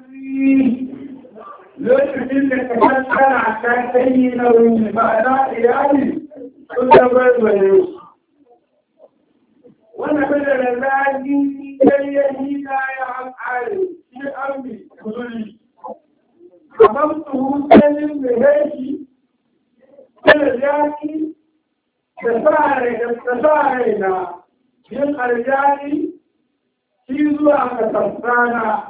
الذي لو يمكن أن تفكر عشان سيدنا ومعناه يعني كل مرة ويوسف wanda bada da zagi yayyani na ya hankali shi arbi kuzuri kamar su hutsalin da yaki da yaki da sa'arai da sa'arai na yin aljani shi zuwa ka tsamsana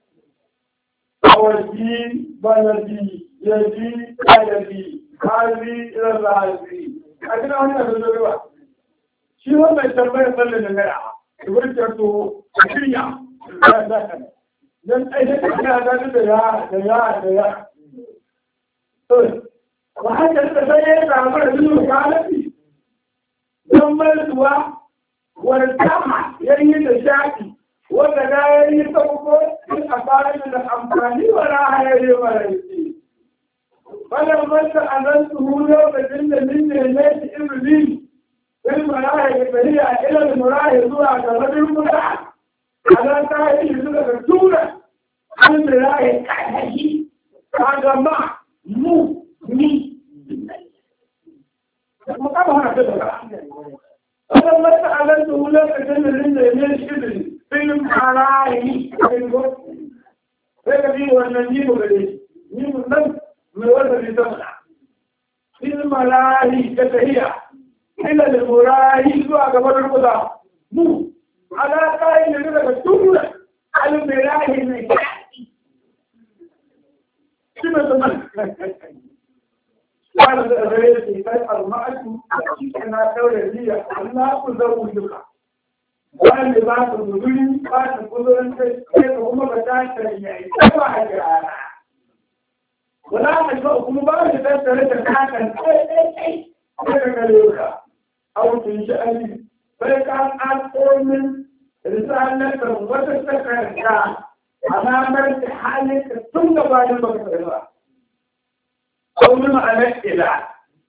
أوجي بنبي يجي كالبي هذه إلى الرازي أجل أنا zuwa. shi wannan tambayar sallar da gaya da wurin to shirya dan aikin da ya da da ya da ya da ya to ba haka da sai ya da zuwa kalafi dan zuwa wanda ta ma yayin wanda na yi sauko in a bayan da amfani wa na hayayye mara yi. Wannan masa a nan su hulo da jin da min ne ne shi ibili, bin marahi da tafiya ilal marahi zuwa ga rabin mura, a nan ta yi shi daga tura, an marahi kanashi, ka gama mu, ni, Mu kama hana ta da ba. فلما سألته لم أجل من الشبل في المحرائي في الوقت فكبير والنجيب بليش نجيب النم من وزن لتمنع في الملاهي كتهية إلى المراهي سواء قبل القضاء مو على قائل لك تقول ta ɗaure niyya Allah ku zau duka wanda ba ta guduri ba ta kudurin sai ka kuma ba ta shari'a ita ba a jirana wala ka ba kuma ba ta tattare da kakan kai kai kai sai ka kare ka a wutun shi ali sai ka an komin risalar wata takarda alamar ta halin ka tun gabanin ba ka ba. Kau nuna a nan ila.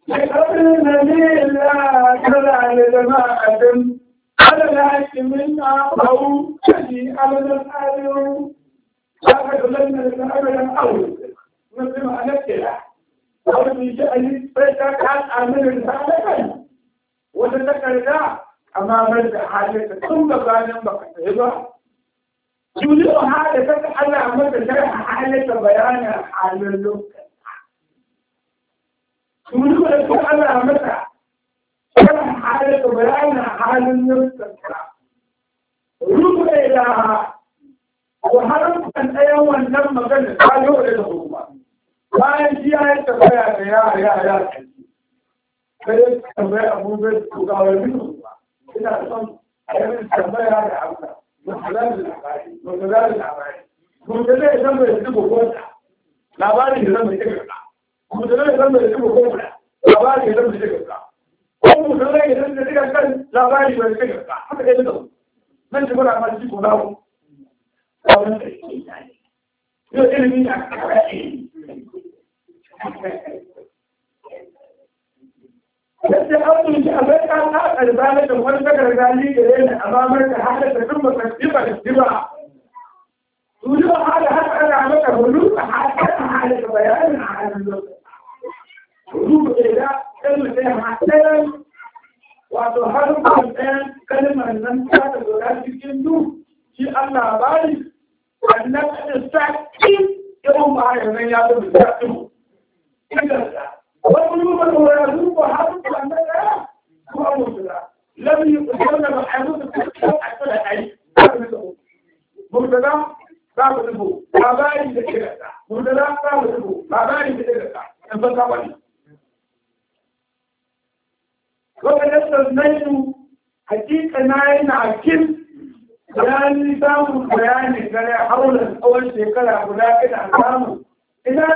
Mai ƙarfin na ne ألا لجماعة ألا الحاكمين أعطوا شيء أبدا آلوا أحد لنا لنا أبدا أول مثل ما نكتلا أو في شأن فتاك عن أمر الحالة وتذكر ذا أمام الحالة ثم بعد ما كتبها يولي حالة على عمد شرح حالة بيان حال اللوكة يولي حالة عمدها halin nufsanka rubuta da haramkan ɗayan wannan maganin ta yi wa da hukuma bayan shi ya yi tabbaya da ya ya ya sai ya tambaya abubuwan su ga wani hukuma ina son a yi tambaya da amsa mutalar da labari mutalar da labari mutalar da zama da zuba kota labarin da zama da zuba kota mutalar da zama da zuba kota labarin da zama da zuba kota ko musulmai idan da suka kan labari bai suka ka haka ɗaya da nan shi muna masu jiko nawo yau ilimi a kawai yadda an tunci a bai kan haɗa da zane da wani gargaji da yana a mamar da haɗa da duk makasiba da jiba. Tujiba haɗa haɗa kalmar nan ta da zura cikin du shi Allah bari wannan istaqi irin ba ya nan ya zama istaqi wani mu ba dora su ko har ku an da ko mu dora lam yuqdana ba hadu da kuka akala ai murtada za ku dubo labari da kira ta murtada za ku dubo labari da kira ta in ban ka wani lokacin da nan hakika na yi na akin bayani samun bayani gare haular tsawon shekara guda ina samu ina